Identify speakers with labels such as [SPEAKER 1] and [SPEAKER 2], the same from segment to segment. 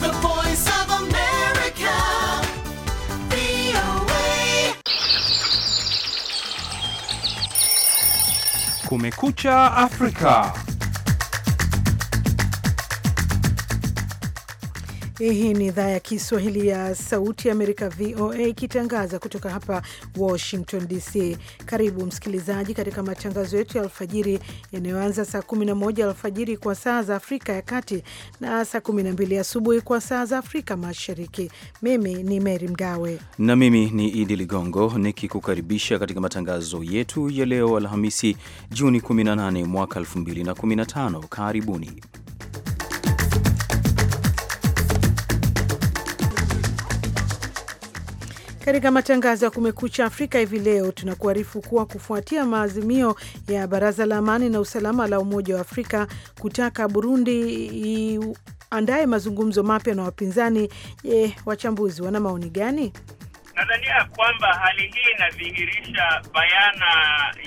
[SPEAKER 1] the voice of America, VOA. Kumekucha Africa. Hii ni
[SPEAKER 2] idhaa ya Kiswahili ya Sauti ya Amerika, VOA, ikitangaza kutoka hapa Washington DC. Karibu msikilizaji katika matangazo yetu ya alfajiri yanayoanza saa 11 alfajiri kwa saa za Afrika ya Kati na saa 12 asubuhi kwa saa za Afrika Mashariki. Mimi ni Meri Mgawe
[SPEAKER 1] na mimi ni Idi Ligongo nikikukaribisha katika matangazo yetu ya leo Alhamisi, Juni 18 mwaka 2015. Karibuni.
[SPEAKER 2] Katika matangazo ya Kumekucha Afrika hivi leo tunakuarifu kuwa kufuatia maazimio ya Baraza la Amani na Usalama la Umoja wa Afrika kutaka Burundi andaye mazungumzo mapya na wapinzani. Je, wachambuzi wana maoni gani?
[SPEAKER 3] Nadhania kwamba hali hii inadhihirisha bayana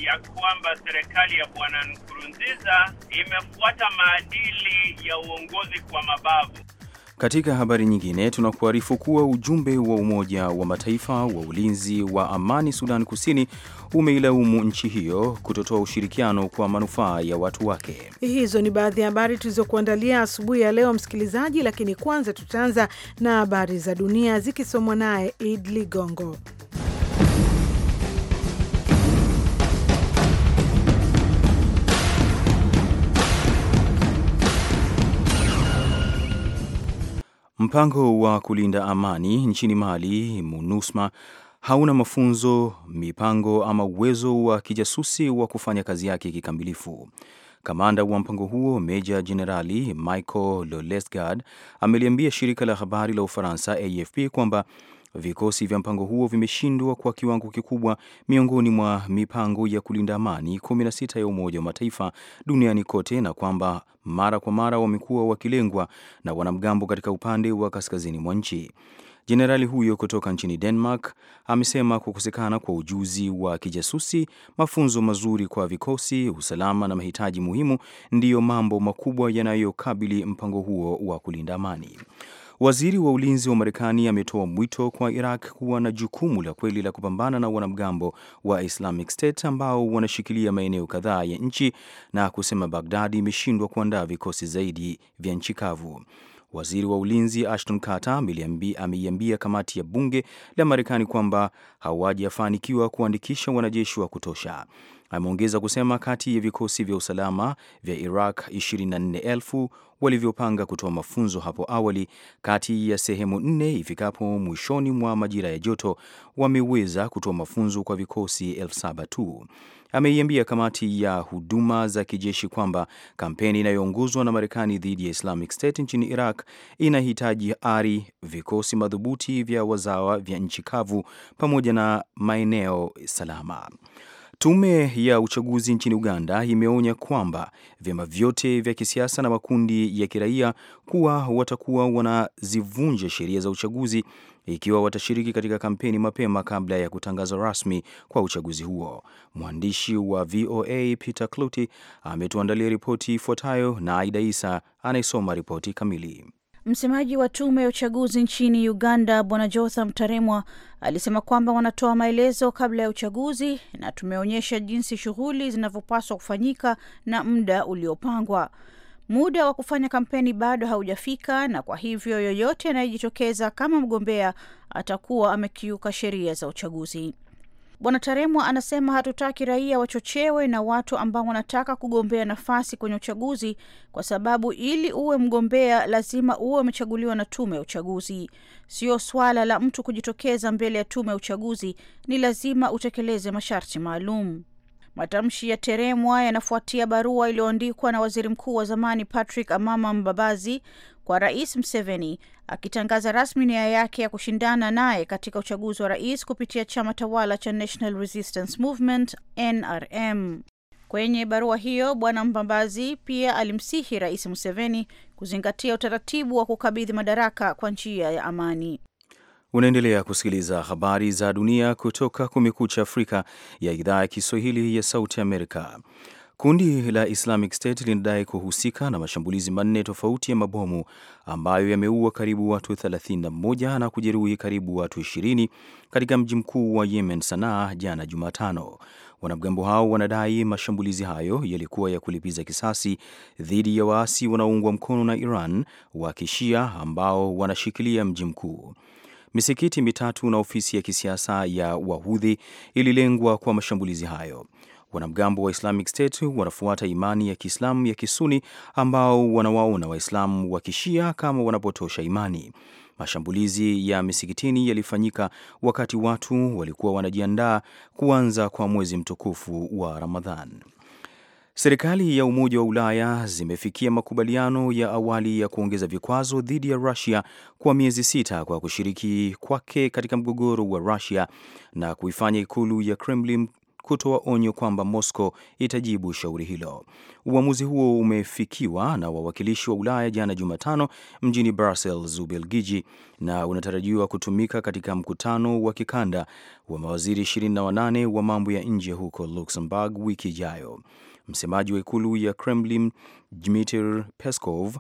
[SPEAKER 3] ya kwamba serikali ya Bwana Nkurunziza
[SPEAKER 1] imefuata maadili ya uongozi kwa mabavu. Katika habari nyingine, tunakuarifu kuwa ujumbe wa Umoja wa Mataifa wa ulinzi wa amani Sudan Kusini umeilaumu nchi hiyo kutotoa ushirikiano kwa manufaa ya watu wake.
[SPEAKER 2] Hizo ni baadhi ya habari tulizokuandalia asubuhi ya leo, msikilizaji, lakini kwanza tutaanza na habari za dunia zikisomwa naye Id Ligongo.
[SPEAKER 1] Mpango wa kulinda amani nchini Mali, MUNUSMA, hauna mafunzo, mipango ama uwezo wa kijasusi wa kufanya kazi yake kikamilifu. Kamanda wa mpango huo meja jenerali Michael Lolesgard ameliambia shirika la habari la Ufaransa AFP kwamba Vikosi vya mpango huo vimeshindwa kwa kiwango kikubwa miongoni mwa mipango ya kulinda amani 16 ya Umoja wa Mataifa duniani kote na kwamba mara kwa mara wamekuwa wakilengwa na wanamgambo katika upande wa kaskazini mwa nchi. Jenerali huyo kutoka nchini Denmark amesema kukosekana kwa ujuzi wa kijasusi, mafunzo mazuri kwa vikosi, usalama na mahitaji muhimu ndiyo mambo makubwa yanayokabili mpango huo wa kulinda amani. Waziri wa ulinzi wa Marekani ametoa mwito kwa Iraq kuwa na jukumu la kweli la kupambana na wanamgambo wa Islamic State ambao wanashikilia maeneo kadhaa ya nchi na kusema Bagdadi imeshindwa kuandaa vikosi zaidi vya nchi kavu. Waziri wa ulinzi Ashton Carter ameiambia kamati ya bunge la Marekani kwamba hawajafanikiwa kuandikisha wanajeshi wa kutosha. Ameongeza kusema kati ya vikosi vya usalama vya Iraq 24,000 walivyopanga kutoa mafunzo hapo awali kati ya sehemu nne ifikapo mwishoni mwa majira ya joto wameweza kutoa mafunzo kwa vikosi 7,000 tu. Ameiambia kamati ya huduma za kijeshi kwamba kampeni inayoongozwa na Marekani dhidi ya Islamic State nchini Iraq inahitaji ari, vikosi madhubuti vya wazawa vya nchi kavu pamoja na maeneo salama. Tume ya uchaguzi nchini Uganda imeonya kwamba vyama vyote vya kisiasa na makundi ya kiraia kuwa watakuwa wanazivunja sheria za uchaguzi ikiwa watashiriki katika kampeni mapema kabla ya kutangazwa rasmi kwa uchaguzi huo. Mwandishi wa VOA Peter Clouty ametuandalia ripoti ifuatayo na Aida Isa anayesoma ripoti kamili.
[SPEAKER 4] Msemaji wa tume ya uchaguzi nchini Uganda, Bwana Jotham Taremwa, alisema kwamba wanatoa maelezo kabla ya uchaguzi na tumeonyesha jinsi shughuli zinavyopaswa kufanyika na muda uliopangwa. Muda wa kufanya kampeni bado haujafika, na kwa hivyo yoyote anayejitokeza kama mgombea atakuwa amekiuka sheria za uchaguzi. Bwana Taremwa anasema hatutaki raia wachochewe na watu ambao wanataka kugombea nafasi kwenye uchaguzi, kwa sababu ili uwe mgombea lazima uwe umechaguliwa na tume ya uchaguzi. Sio swala la mtu kujitokeza mbele ya tume ya uchaguzi, ni lazima utekeleze masharti maalum. Matamshi ya Teremwa yanafuatia barua iliyoandikwa na waziri mkuu wa zamani Patrick Amama Mbabazi kwa Rais Mseveni akitangaza rasmi nia yake ya kushindana naye katika uchaguzi wa rais kupitia chama tawala cha National Resistance Movement NRM. Kwenye barua hiyo, Bwana Mpambazi pia alimsihi Rais Museveni kuzingatia utaratibu wa kukabidhi madaraka kwa njia ya amani.
[SPEAKER 1] Unaendelea kusikiliza habari za dunia kutoka cha Afrika ya idhaa ya Kiswahili ya Sauti Amerika. Kundi la Islamic State linadai kuhusika na mashambulizi manne tofauti ya mabomu ambayo yameua karibu watu 31 na kujeruhi karibu watu 20 katika mji mkuu wa Yemen, Sanaa, jana Jumatano. Wanamgambo hao wanadai mashambulizi hayo yalikuwa ya kulipiza kisasi dhidi ya waasi wanaoungwa mkono na Iran wa Kishia ambao wanashikilia mji mkuu. Misikiti mitatu na ofisi ya kisiasa ya Wahudhi ililengwa kwa mashambulizi hayo. Wanamgambo wa Islamic State wanafuata imani ya Kiislamu ya Kisuni ambao wanawaona Waislamu wa Kishia kama wanapotosha imani. Mashambulizi ya misikitini yalifanyika wakati watu walikuwa wanajiandaa kuanza kwa mwezi mtukufu wa Ramadhan. Serikali ya Umoja wa Ulaya zimefikia makubaliano ya awali ya kuongeza vikwazo dhidi ya Rusia kwa miezi sita kwa kushiriki kwake katika mgogoro wa Rusia na kuifanya ikulu ya Kremlin kutoa onyo kwamba Moscow itajibu shauri hilo. Uamuzi huo umefikiwa na wawakilishi wa Ulaya jana Jumatano mjini Brussels, Ubelgiji, na unatarajiwa kutumika katika mkutano wa kikanda wa mawaziri 28 wa mambo ya nje huko Luxembourg wiki ijayo. Msemaji wa ikulu ya Kremlin Dmitry Peskov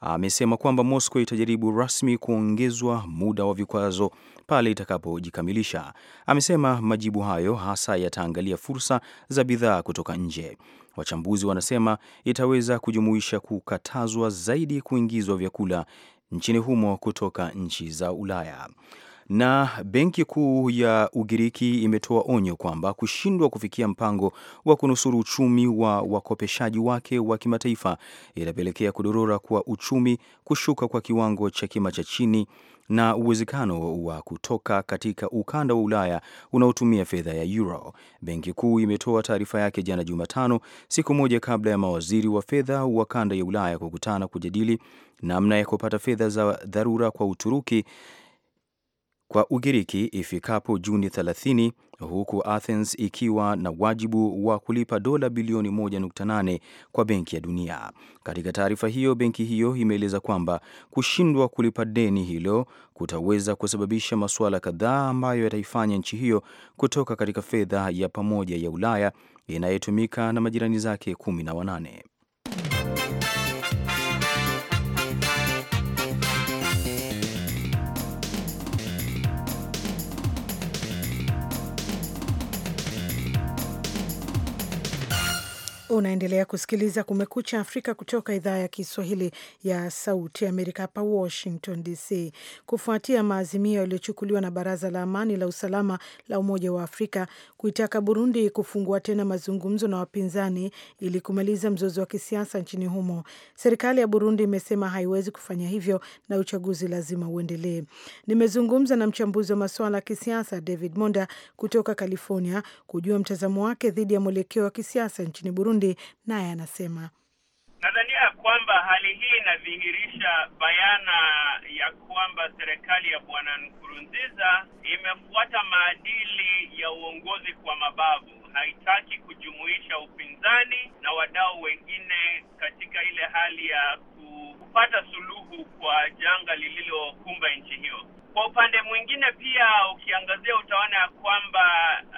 [SPEAKER 1] amesema kwamba Moscow itajaribu rasmi kuongezwa muda wa vikwazo pale itakapojikamilisha. Amesema majibu hayo hasa yataangalia fursa za bidhaa kutoka nje. Wachambuzi wanasema itaweza kujumuisha kukatazwa zaidi kuingizwa vyakula nchini humo kutoka nchi za Ulaya. Na benki kuu ya Ugiriki imetoa onyo kwamba kushindwa kufikia mpango wa kunusuru uchumi wa wakopeshaji wake wa kimataifa itapelekea kudorora kwa uchumi, kushuka kwa kiwango cha kima cha chini na uwezekano wa kutoka katika ukanda wa Ulaya unaotumia fedha ya euro. Benki Kuu imetoa taarifa yake jana Jumatano, siku moja kabla ya mawaziri wa fedha wa kanda ya Ulaya kukutana kujadili namna ya kupata fedha za dharura kwa Uturuki kwa Ugiriki ifikapo Juni 30 huku Athens ikiwa na wajibu wa kulipa dola bilioni 1.8 kwa Benki ya Dunia. Katika taarifa hiyo, benki hiyo imeeleza kwamba kushindwa kulipa deni hilo kutaweza kusababisha masuala kadhaa ambayo yataifanya nchi hiyo kutoka katika fedha ya pamoja ya Ulaya inayotumika na majirani zake 18.
[SPEAKER 2] Unaendelea kusikiliza Kumekucha Afrika kutoka idhaa ya Kiswahili ya Sauti Amerika hapa Washington DC. Kufuatia maazimio yaliyochukuliwa na Baraza la Amani la Usalama la Umoja wa Afrika kuitaka Burundi kufungua tena mazungumzo na wapinzani ili kumaliza mzozo wa kisiasa nchini humo, serikali ya Burundi imesema haiwezi kufanya hivyo na uchaguzi lazima uendelee. Nimezungumza na mchambuzi wa masuala ya kisiasa David Monda kutoka California kujua mtazamo wake dhidi ya mwelekeo wa kisiasa nchini Burundi Msafiri naye anasema
[SPEAKER 3] nadhania kwamba hali hii inadhihirisha bayana ya kwamba serikali ya Bwana Nkurunziza imefuata maadili ya uongozi kwa mabavu. Haitaki kujumuisha upinzani na wadau wengine katika ile hali ya kupata suluhu kwa janga lililokumba nchi hiyo. Kwa upande mwingine pia ukiangazia utaona ya kwamba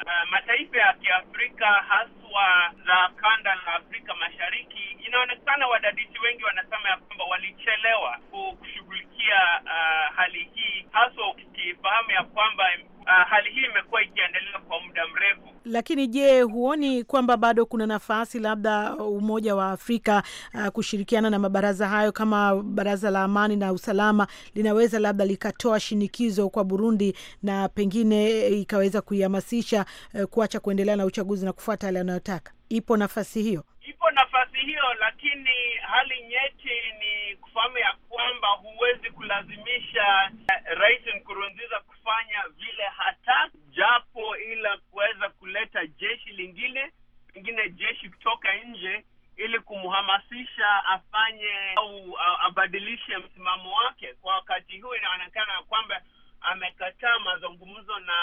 [SPEAKER 3] uh, mataifa ya Kiafrika haswa za kanda la Afrika Mashariki, inaonekana wadadisi wengi wanasema ya kwamba walichelewa kushughulikia uh, hali hii, haswa ukifahamu ya kwamba uh, hali hii imekuwa
[SPEAKER 2] ikiendelea kwa muda mrefu. Lakini je, huoni kwamba bado kuna nafasi labda Umoja wa Afrika uh, kushirikiana na mabaraza hayo kama Baraza la Amani na Usalama linaweza labda likatoa shinikizo kwa Burundi na pengine ikaweza kuihamasisha uh, kuacha kuendelea na uchaguzi na kufuata yale anayotaka? Ipo nafasi hiyo? nafasi
[SPEAKER 3] hiyo, lakini hali nyeti ni kufahamu ya kwamba huwezi kulazimisha eh, Rais Nkurunziza kufanya vile hata japo ila kuweza kuleta jeshi lingine, pengine jeshi kutoka nje ili kumhamasisha afanye au uh, abadilishe msimamo wake. Kwa wakati huu inaonekana ya kwamba amekataa mazungumzo na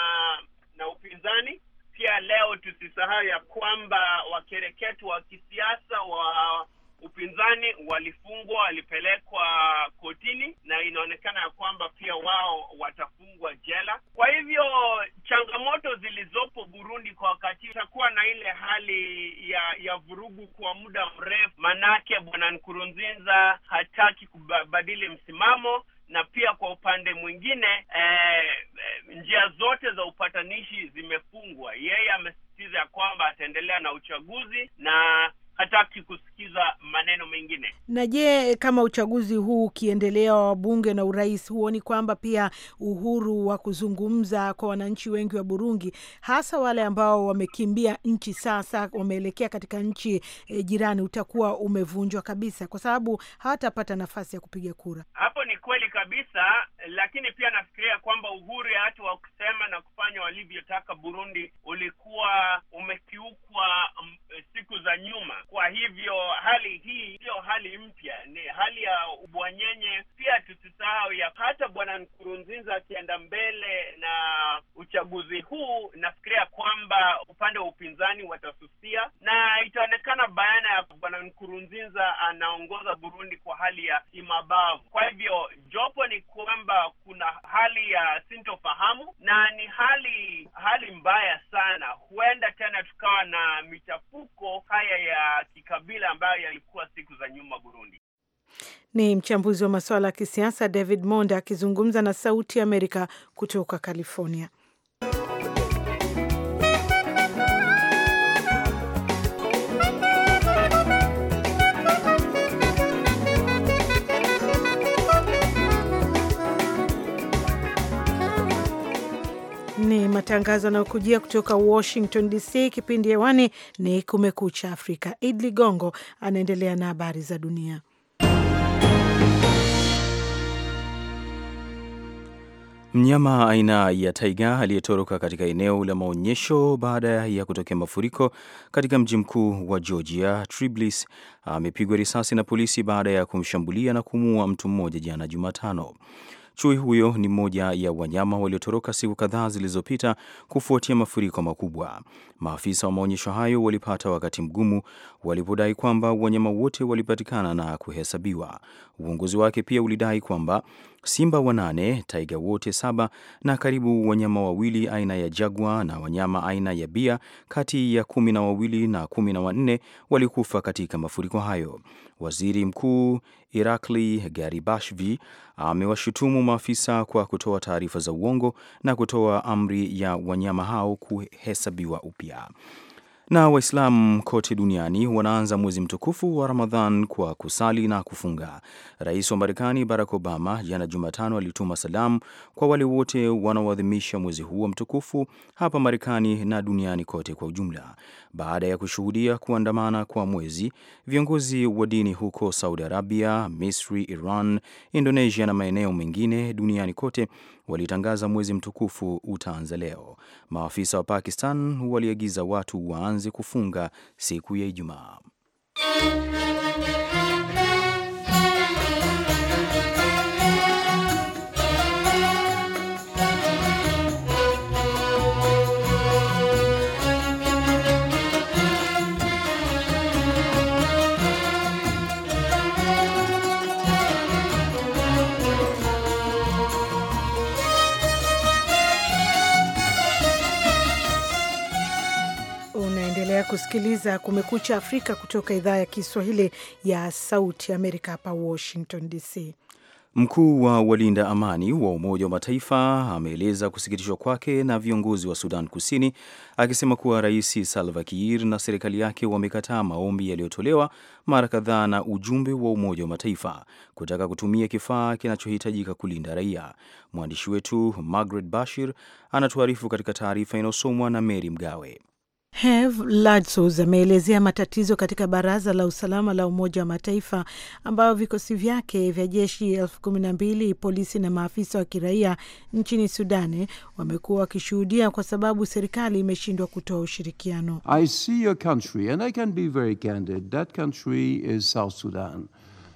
[SPEAKER 3] na upinzani. Pia leo tusisahau ya kwamba wanaharakati wa kisiasa wa upinzani walifungwa, walipelekwa kotini, na inaonekana ya kwamba pia wao
[SPEAKER 2] Na je, kama uchaguzi huu ukiendelea wa bunge na urais, huoni kwamba pia uhuru wa kuzungumza kwa wananchi wengi wa Burundi, hasa wale ambao wamekimbia nchi sasa wameelekea katika nchi e, jirani, utakuwa umevunjwa kabisa, kwa sababu hawatapata nafasi ya kupiga kura?
[SPEAKER 3] Hapo ni kweli kabisa, lakini pia nafikiria kwamba uhuru ya watu wa kusema na kufanya walivyotaka Burundi ulikuwa umekiukwa mm, siku za nyuma. Kwa hivyo hali hii sio hali mpya, ni hali ya ubwanyenye. Pia tusisahau ya hata bwana Nkurunziza akienda mbele na uchaguzi huu, nafikiria kwamba upande wa upinzani watasusia, na itaonekana bayana ya bwana Nkurunziza anaongoza Burundi kwa hali ya imabavu Kwa hivyo jopo ni kwamba kuna hali ya sintofahamu na ni hali hali mbaya sana. Huenda tena tukawa na michafuko haya ya kikabila ambayo yalikuwa siku za nyuma Burundi. Burundi.
[SPEAKER 2] Ni mchambuzi wa masuala ya kisiasa David Monda akizungumza na Sauti ya Amerika kutoka California. Ni matangazo yanayokujia kutoka Washington DC. Kipindi hewani ni Kumekucha Afrika. Id Ligongo anaendelea na habari za dunia.
[SPEAKER 1] Mnyama aina ya taiga aliyetoroka katika eneo la maonyesho baada ya kutokea mafuriko katika mji mkuu wa Georgia, Triblis, amepigwa risasi na polisi baada ya kumshambulia na kumuua mtu mmoja jana Jumatano. Chui huyo ni moja ya wanyama waliotoroka siku kadhaa zilizopita kufuatia mafuriko makubwa. Maafisa wa maonyesho hayo walipata wakati mgumu walipodai kwamba wanyama wote walipatikana na kuhesabiwa. Uongozi wake pia ulidai kwamba simba wanane, taiga wote saba na karibu wanyama wawili aina ya jagwa na wanyama aina ya bia kati ya kumi na wawili na kumi na wanne walikufa katika mafuriko hayo. Waziri Mkuu Irakli Garibashvi amewashutumu maafisa kwa kutoa taarifa za uongo na kutoa amri ya wanyama hao kuhesabiwa upya. Syria. Na Waislamu kote duniani wanaanza mwezi mtukufu wa Ramadhan kwa kusali na kufunga. Rais wa Marekani Barack Obama jana Jumatano alituma salamu kwa wale wote wanaoadhimisha mwezi huo mtukufu hapa Marekani na duniani kote kwa ujumla. Baada ya kushuhudia kuandamana kwa mwezi, viongozi wa dini huko Saudi Arabia, Misri, Iran, Indonesia na maeneo mengine duniani kote walitangaza mwezi mtukufu utaanza leo. Maafisa wa Pakistan waliagiza watu waanze kufunga siku ya Ijumaa.
[SPEAKER 2] kusikiliza Kumekucha Afrika kutoka idhaa ya Kiswahili ya Sauti Amerika, hapa Washington DC.
[SPEAKER 1] Mkuu wa walinda amani wa Umoja wa Mataifa ameeleza kusikitishwa kwake na viongozi wa Sudan Kusini, akisema kuwa Rais Salva Kiir na serikali yake wamekataa maombi yaliyotolewa mara kadhaa na ujumbe wa Umoja wa Mataifa kutaka kutumia kifaa kinachohitajika kulinda raia. Mwandishi wetu Margaret Bashir anatuarifu katika taarifa inayosomwa na Meri Mgawe.
[SPEAKER 2] Hev Ladsos ameelezea matatizo katika Baraza la Usalama la Umoja wa Mataifa ambayo vikosi vyake vya jeshi elfu kumi na mbili polisi na maafisa wa kiraia nchini Sudani wamekuwa wakishuhudia kwa sababu serikali imeshindwa kutoa ushirikiano. I see your country and I can be very candid. That country is South Sudan.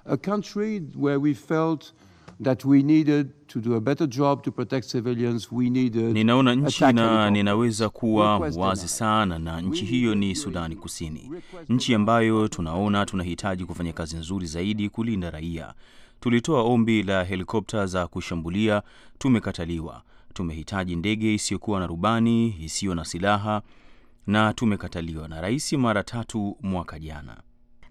[SPEAKER 2] A country where we felt That we needed to do a better job to protect civilians. We needed ninaona nchi na ninaweza kuwa wazi
[SPEAKER 1] sana, na nchi hiyo ni Sudani Kusini, nchi ambayo tunaona tunahitaji kufanya kazi nzuri zaidi kulinda raia. Tulitoa ombi la helikopta za kushambulia, tumekataliwa. Tumehitaji ndege isiyokuwa na rubani isiyo na silaha, na tumekataliwa na rais mara tatu mwaka
[SPEAKER 2] jana.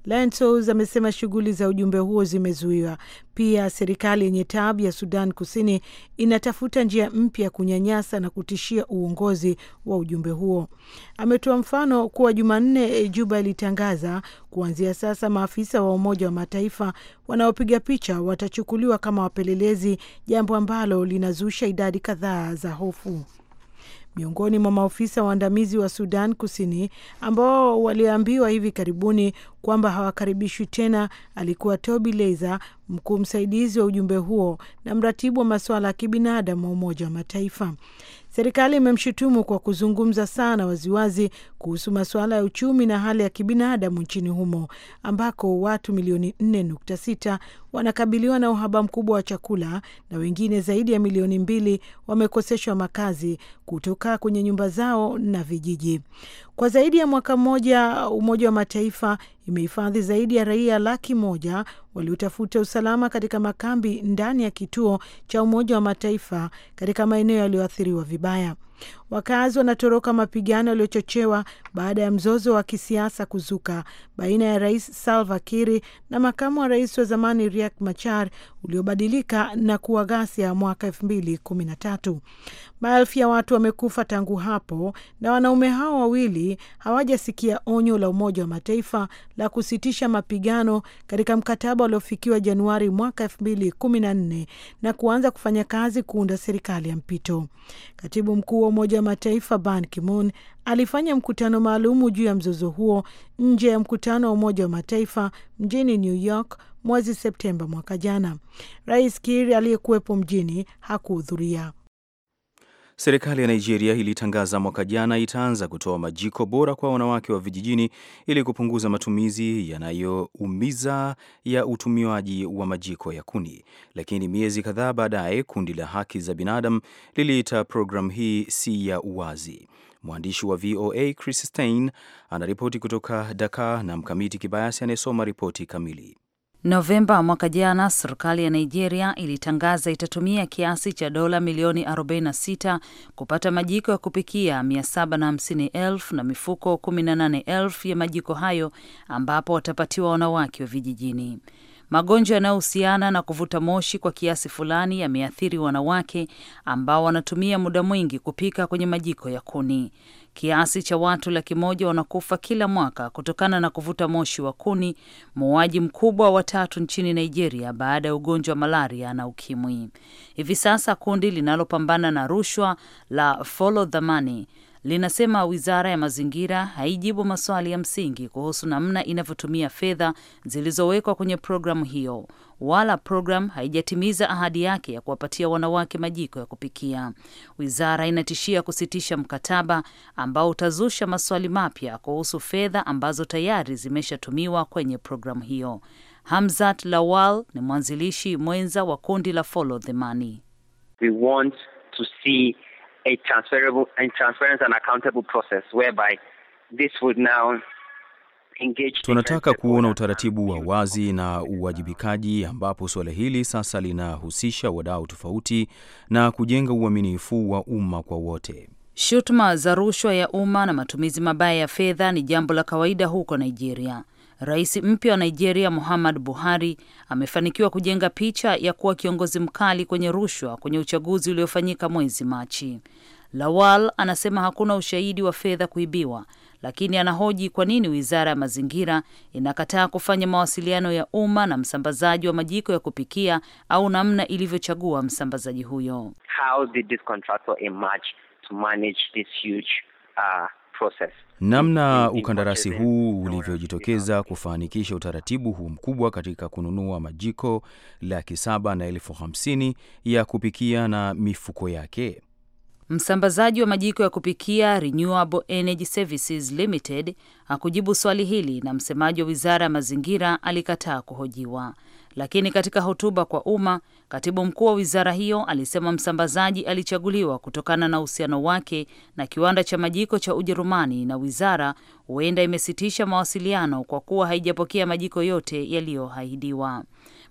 [SPEAKER 2] Lentos amesema shughuli za ujumbe huo zimezuiwa. Pia serikali yenye tabu ya Sudan Kusini inatafuta njia mpya kunyanyasa na kutishia uongozi wa ujumbe huo. Ametoa mfano kuwa Jumanne eh, Juba ilitangaza kuanzia sasa maafisa wa Umoja wa Mataifa wanaopiga picha watachukuliwa kama wapelelezi, jambo ambalo linazusha idadi kadhaa za hofu miongoni mwa maofisa waandamizi wa Sudan Kusini ambao waliambiwa hivi karibuni kwamba hawakaribishwi tena alikuwa Toby Leiza, mkuu msaidizi wa ujumbe huo na mratibu wa masuala ya kibinadamu wa Umoja wa Mataifa. Serikali imemshutumu kwa kuzungumza sana waziwazi kuhusu masuala ya uchumi na hali ya kibinadamu nchini humo ambako watu milioni 4.6 wanakabiliwa na uhaba mkubwa wa chakula na wengine zaidi ya milioni mbili wamekoseshwa makazi kutoka kwenye nyumba zao na vijiji. Kwa zaidi ya mwaka mmoja, Umoja wa Mataifa imehifadhi zaidi ya raia laki moja waliotafuta usalama katika makambi ndani ya kituo cha Umoja wa Mataifa katika maeneo yaliyoathiriwa vibaya. Wakazi wanatoroka mapigano yaliyochochewa baada ya mzozo wa kisiasa kuzuka baina ya Rais Salva Kiir na makamu wa rais wa zamani Riek Machar uliobadilika na kuwa ghasia mwaka elfu mbili kumi na tatu. Maelfu ya watu wamekufa tangu hapo na wanaume hao wawili hawajasikia onyo la Umoja wa Mataifa la kusitisha mapigano katika mkataba uliofikiwa Januari mwaka elfu mbili kumi na nne na kuanza kufanya kazi kuunda serikali ya mpito. Katibu mkuu Umoja wa Mataifa Ban Ki-moon alifanya mkutano maalumu juu ya mzozo huo nje ya mkutano wa Umoja wa Mataifa mjini New York mwezi Septemba mwaka jana. Rais Kiir aliyekuwepo mjini hakuhudhuria.
[SPEAKER 1] Serikali ya Nigeria ilitangaza mwaka jana itaanza kutoa majiko bora kwa wanawake wa vijijini ili kupunguza matumizi yanayoumiza ya utumiaji wa majiko ya kuni, lakini miezi kadhaa baadaye kundi la haki za binadamu liliita programu hii si ya uwazi. Mwandishi wa VOA Chris Stein anaripoti kutoka Dakar na Mkamiti Kibayasi anayesoma ripoti kamili.
[SPEAKER 5] Novemba mwaka jana serikali ya Nigeria ilitangaza itatumia kiasi cha dola milioni 46 kupata majiko ya kupikia 750,000 na mifuko 18,000 ya majiko hayo ambapo watapatiwa wanawake wa vijijini. Magonjwa yanayohusiana na kuvuta moshi kwa kiasi fulani yameathiri wanawake ambao wanatumia muda mwingi kupika kwenye majiko ya kuni. Kiasi cha watu laki moja wanakufa kila mwaka kutokana na kuvuta moshi wa kuni, muuaji mkubwa wa tatu nchini Nigeria baada ya ugonjwa wa malaria na ukimwi. Hivi sasa kundi linalopambana na rushwa la Follow the Money linasema wizara ya mazingira haijibu maswali ya msingi kuhusu namna inavyotumia fedha zilizowekwa kwenye programu hiyo, wala programu haijatimiza ahadi yake ya kuwapatia wanawake majiko ya kupikia. Wizara inatishia kusitisha mkataba ambao utazusha maswali mapya kuhusu fedha ambazo tayari zimeshatumiwa kwenye programu hiyo. Hamzat Lawal ni mwanzilishi mwenza wa kundi la Follow the Money.
[SPEAKER 1] We want
[SPEAKER 3] to see a transferable and transparent and accountable process whereby this would now Tunataka
[SPEAKER 1] kuona utaratibu wa wazi na uwajibikaji ambapo suala hili sasa linahusisha wadau tofauti na kujenga uaminifu wa umma kwa wote.
[SPEAKER 5] Shutuma za rushwa ya umma na matumizi mabaya ya fedha ni jambo la kawaida huko Nigeria. Rais mpya wa Nigeria Muhammad Buhari amefanikiwa kujenga picha ya kuwa kiongozi mkali kwenye rushwa kwenye uchaguzi uliofanyika mwezi Machi. Lawal anasema hakuna ushahidi wa fedha kuibiwa, lakini anahoji kwa nini wizara ya mazingira inakataa kufanya mawasiliano ya umma na msambazaji wa majiko ya kupikia au namna ilivyochagua msambazaji huyo.
[SPEAKER 1] How did this contractor emerge to manage this huge, uh... Namna ukandarasi huu ulivyojitokeza kufanikisha utaratibu huu mkubwa katika kununua majiko laki saba na elfu hamsini ya kupikia na mifuko yake.
[SPEAKER 5] Msambazaji wa majiko ya kupikia Renewable Energy Services Limited hakujibu swali hili na msemaji wa Wizara ya Mazingira alikataa kuhojiwa. Lakini katika hotuba kwa umma, katibu mkuu wa wizara hiyo alisema msambazaji alichaguliwa kutokana na uhusiano wake na kiwanda cha majiko cha Ujerumani, na wizara huenda imesitisha mawasiliano kwa kuwa haijapokea majiko yote yaliyoahidiwa.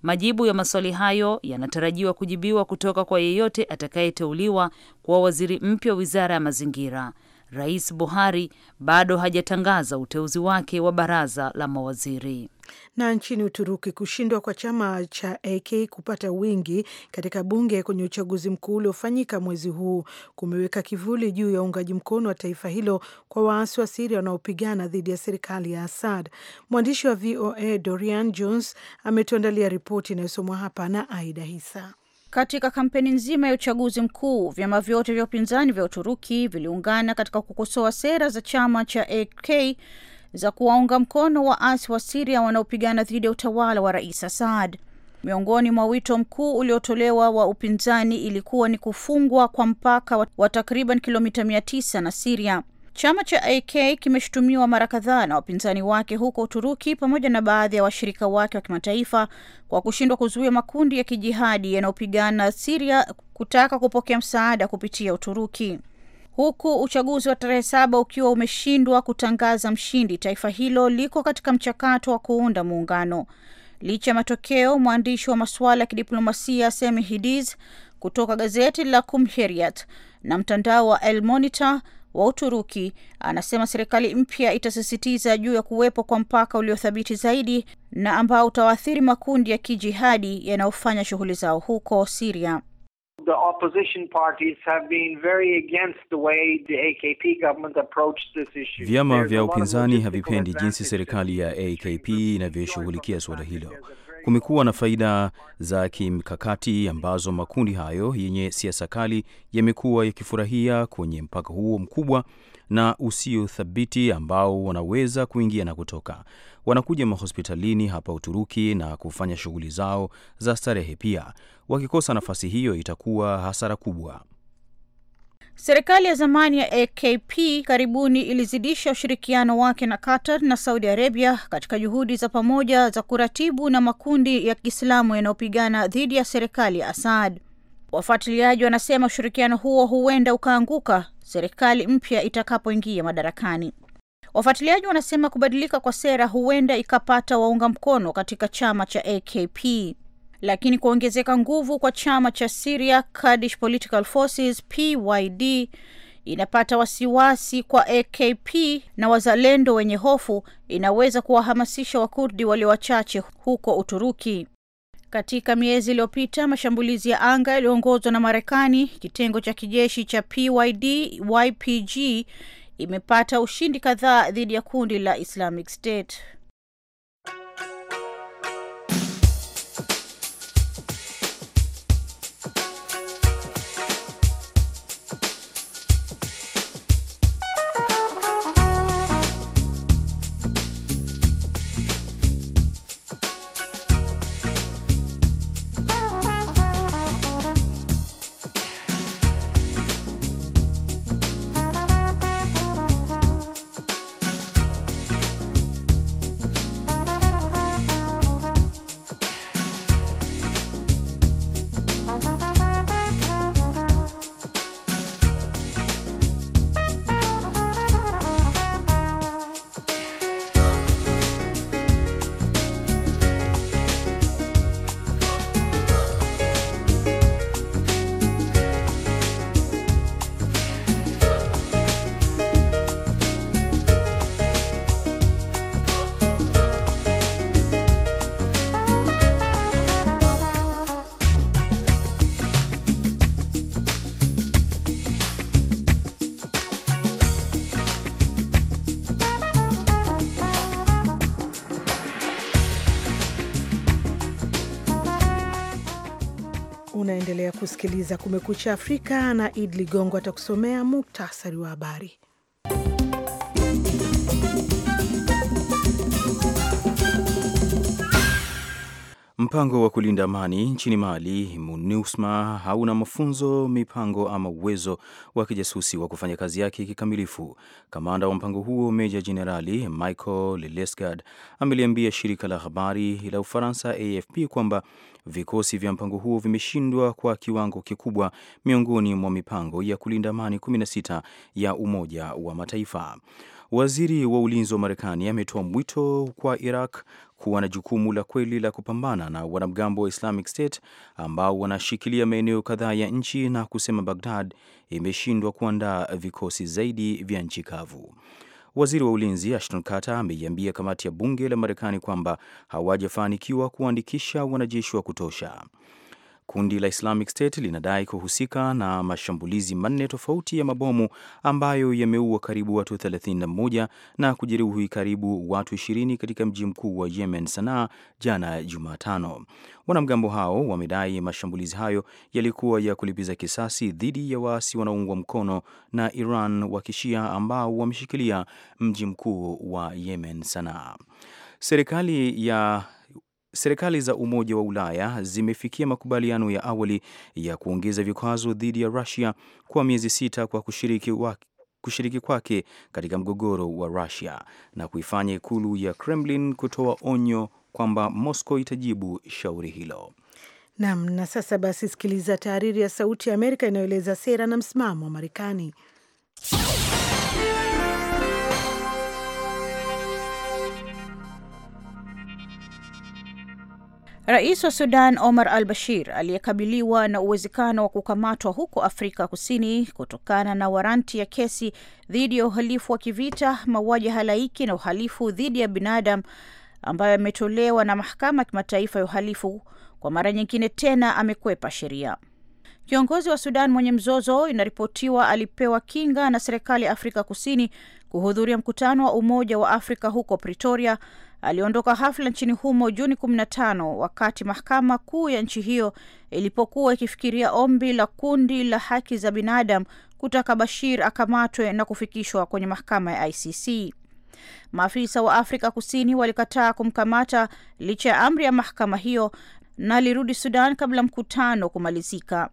[SPEAKER 5] Majibu ya maswali hayo yanatarajiwa kujibiwa kutoka kwa yeyote atakayeteuliwa kuwa waziri mpya wa wizara ya mazingira. Rais Buhari bado hajatangaza uteuzi wake wa baraza la mawaziri. Na nchini Uturuki, kushindwa
[SPEAKER 2] kwa chama cha AK kupata wingi katika bunge kwenye uchaguzi mkuu uliofanyika mwezi huu kumeweka kivuli juu ya uungaji mkono wa taifa hilo kwa waasi wa Siria wanaopigana dhidi ya serikali ya Assad. Mwandishi wa VOA Dorian Jones ametuandalia ripoti inayosomwa hapa na Aida Hisa.
[SPEAKER 4] Katika kampeni nzima ya uchaguzi mkuu vyama vyote vya upinzani vya Uturuki viliungana katika kukosoa sera za chama cha AK za kuwaunga mkono waasi wa Siria wanaopigana dhidi ya utawala wa Rais Assad. Miongoni mwa wito mkuu uliotolewa wa upinzani ilikuwa ni kufungwa kwa mpaka wa takriban kilomita mia tisa na Siria. Chama cha AK kimeshutumiwa mara kadhaa na wapinzani wake huko Uturuki pamoja na baadhi ya washirika wake wa kimataifa kwa kushindwa kuzuia makundi ya kijihadi yanayopigana Siria kutaka kupokea msaada kupitia Uturuki huku uchaguzi wa tarehe saba ukiwa umeshindwa kutangaza mshindi. Taifa hilo liko katika mchakato wa kuunda muungano. Licha ya matokeo, mwandishi wa masuala ya kidiplomasia semi hidis kutoka gazeti la kumheriat na mtandao wa El Monitor wa Uturuki anasema serikali mpya itasisitiza juu ya kuwepo kwa mpaka uliothabiti zaidi na ambao utawaathiri makundi ya kijihadi yanayofanya shughuli zao huko Siria.
[SPEAKER 3] The opposition parties have been very against the way the AKP government approached this issue. Vyama vya upinzani
[SPEAKER 1] havipendi jinsi serikali ya AKP inavyoshughulikia suala hilo. Kumekuwa na faida za kimkakati ambazo makundi hayo yenye siasa kali yamekuwa yakifurahia kwenye mpaka huo mkubwa na usiothabiti ambao wanaweza kuingia na kutoka. Wanakuja mahospitalini hapa Uturuki na kufanya shughuli zao za starehe pia. Wakikosa nafasi hiyo, itakuwa hasara kubwa.
[SPEAKER 4] Serikali ya zamani ya AKP karibuni ilizidisha ushirikiano wake na Qatar na Saudi Arabia katika juhudi za pamoja za kuratibu na makundi ya Kiislamu yanayopigana dhidi ya serikali ya Assad. Wafuatiliaji wanasema ushirikiano huo huenda ukaanguka serikali mpya itakapoingia madarakani. Wafuatiliaji wanasema kubadilika kwa sera huenda ikapata waunga mkono katika chama cha AKP lakini kuongezeka nguvu kwa chama cha Syria Kurdish Political Forces PYD inapata wasiwasi kwa AKP na wazalendo wenye hofu inaweza kuwahamasisha Wakurdi walio wachache huko Uturuki. Katika miezi iliyopita, mashambulizi ya anga yaliyoongozwa na Marekani, kitengo cha kijeshi cha PYD YPG imepata ushindi kadhaa dhidi ya kundi la Islamic State.
[SPEAKER 2] kusikiliza Kumekucha Afrika na Id Ligongo atakusomea muktasari wa habari.
[SPEAKER 1] Mpango wa kulinda amani nchini Mali, MUNUSMA, hauna mafunzo, mipango ama uwezo wa kijasusi wa kufanya kazi yake kikamilifu. Kamanda wa mpango huo Meja Jenerali Michael Lillesgard ameliambia shirika la habari la Ufaransa AFP kwamba vikosi vya mpango huo vimeshindwa kwa kiwango kikubwa miongoni mwa mipango ya kulinda amani 16 ya Umoja wa Mataifa. Waziri wa ulinzi wa Marekani ametoa mwito kwa Iraq kuwa na jukumu la kweli la kupambana na wanamgambo wa Islamic State ambao wanashikilia maeneo kadhaa ya nchi na kusema bagdad imeshindwa kuandaa vikosi zaidi vya nchi kavu. Waziri wa ulinzi Ashton Carter ameiambia kamati ya bunge la Marekani kwamba hawajafanikiwa kuandikisha wanajeshi wa kutosha. Kundi la Islamic State linadai kuhusika na mashambulizi manne tofauti ya mabomu ambayo yameua karibu watu 31 na kujeruhi karibu watu 20 katika mji mkuu wa Yemen, Sanaa, jana Jumatano. Wanamgambo hao wamedai mashambulizi hayo yalikuwa ya kulipiza kisasi dhidi ya waasi wanaoungwa mkono na Iran wa Kishia ambao wameshikilia mji mkuu wa Yemen, Sanaa. Serikali ya serikali za Umoja wa Ulaya zimefikia makubaliano ya awali ya kuongeza vikwazo dhidi ya Rusia kwa miezi sita kwa kushiriki wake kushiriki kwake katika mgogoro wa Rusia na kuifanya ikulu ya Kremlin kutoa onyo kwamba Moscow itajibu shauri hilo.
[SPEAKER 2] Nam. Na sasa basi, sikiliza tahariri ya Sauti ya Amerika inayoeleza sera na msimamo wa Marekani.
[SPEAKER 4] Rais wa Sudan Omar al Bashir aliyekabiliwa na uwezekano wa kukamatwa huko Afrika Kusini kutokana na waranti ya kesi dhidi ya uhalifu wa kivita, mauaji halaiki na uhalifu dhidi ya binadamu ambayo ametolewa na mahakama ya kimataifa ya uhalifu, kwa mara nyingine tena amekwepa sheria. Kiongozi wa Sudan mwenye mzozo inaripotiwa alipewa kinga na serikali ya Afrika Kusini kuhudhuria mkutano wa Umoja wa Afrika huko Pretoria aliondoka hafla nchini humo Juni 15 wakati mahakama kuu ya nchi hiyo ilipokuwa ikifikiria ombi la kundi la haki za binadamu kutaka Bashir akamatwe na kufikishwa kwenye mahakama ya ICC. Maafisa wa Afrika Kusini walikataa kumkamata licha ya amri ya mahakama hiyo na alirudi Sudan kabla mkutano kumalizika.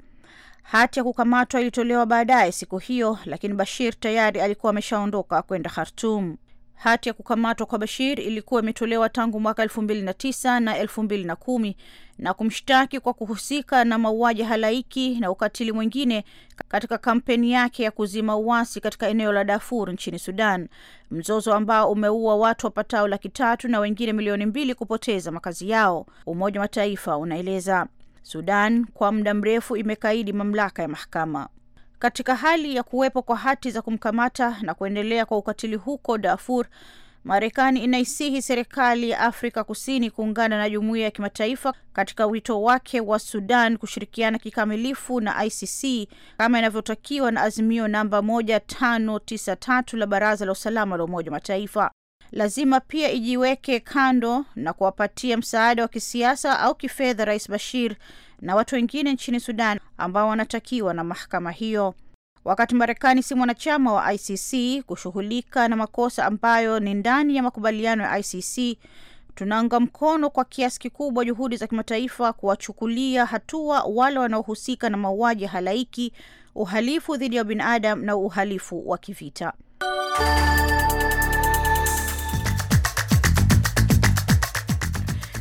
[SPEAKER 4] Hati ya kukamatwa ilitolewa baadaye siku hiyo, lakini Bashir tayari alikuwa ameshaondoka kwenda Khartum. Hati ya kukamatwa kwa Bashir ilikuwa imetolewa tangu mwaka elfu mbili na tisa na elfu mbili na kumi na kumshtaki kwa kuhusika na mauaji halaiki na ukatili mwingine katika kampeni yake ya kuzima uasi katika eneo la Darfur nchini Sudan, mzozo ambao umeua watu wapatao laki tatu na wengine milioni mbili kupoteza makazi yao, Umoja wa Mataifa unaeleza. Sudan kwa muda mrefu imekaidi mamlaka ya mahakama. Katika hali ya kuwepo kwa hati za kumkamata na kuendelea kwa ukatili huko Darfur, Marekani inaisihi serikali ya Afrika Kusini kuungana na jumuiya ya kimataifa katika wito wake wa Sudan kushirikiana kikamilifu na ICC kama inavyotakiwa na azimio namba 1593 la Baraza la Usalama la Umoja wa Mataifa. Lazima pia ijiweke kando na kuwapatia msaada wa kisiasa au kifedha Rais Bashir na watu wengine nchini Sudan ambao wanatakiwa na mahakama hiyo. Wakati Marekani si mwanachama wa ICC, kushughulika na makosa ambayo ni ndani ya makubaliano ya ICC, tunaunga mkono kwa kiasi kikubwa juhudi za kimataifa kuwachukulia hatua wale wanaohusika na mauaji ya halaiki, uhalifu dhidi ya binadam na uhalifu wa kivita.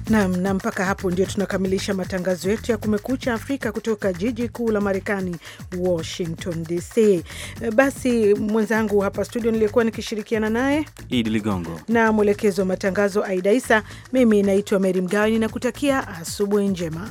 [SPEAKER 2] Nam na mpaka hapo ndio tunakamilisha matangazo yetu ya Kumekucha Afrika kutoka jiji kuu la Marekani, Washington DC. Basi mwenzangu hapa studio nilikuwa nikishirikiana naye
[SPEAKER 1] Idi Ligongo
[SPEAKER 2] na mwelekezo wa matangazo Aida Isa. Mimi naitwa Meri Mgawe, ninakutakia asubuhi njema.